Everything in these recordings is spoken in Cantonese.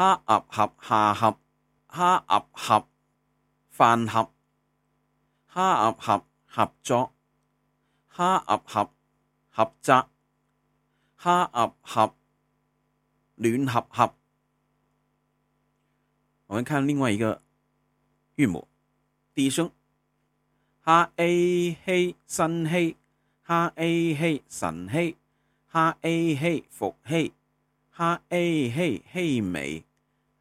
哈鴨盒下頜，哈鴨盒飯盒，哈鴨、啊、盒合，合、啊、合，合作，哈鴨、啊、盒鉿匝，哈鴨盒暖烚烚、啊啊。我們看另外一個韻母，第一聲，哈 a 嘿新禧；第一聲，哈 a 嘿新禧，哈 a 嘿晨曦，哈 a 嘿伏羲，哈 a 嘿熹微。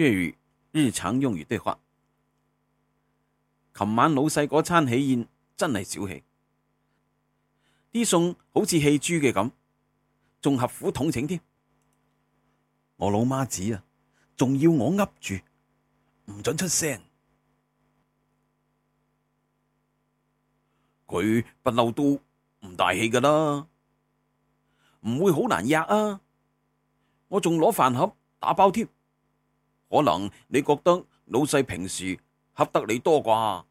粵語日常用語對話：琴晚老細嗰餐喜宴真係小氣，啲餸好似饩豬嘅咁，仲合府統請添。我老媽子啊，仲要我噏住，唔准出聲。佢不嬲都唔大器噶啦，唔會好難吔啊。我仲攞飯盒打包添。可能你覺得老細平時恰得你多啩。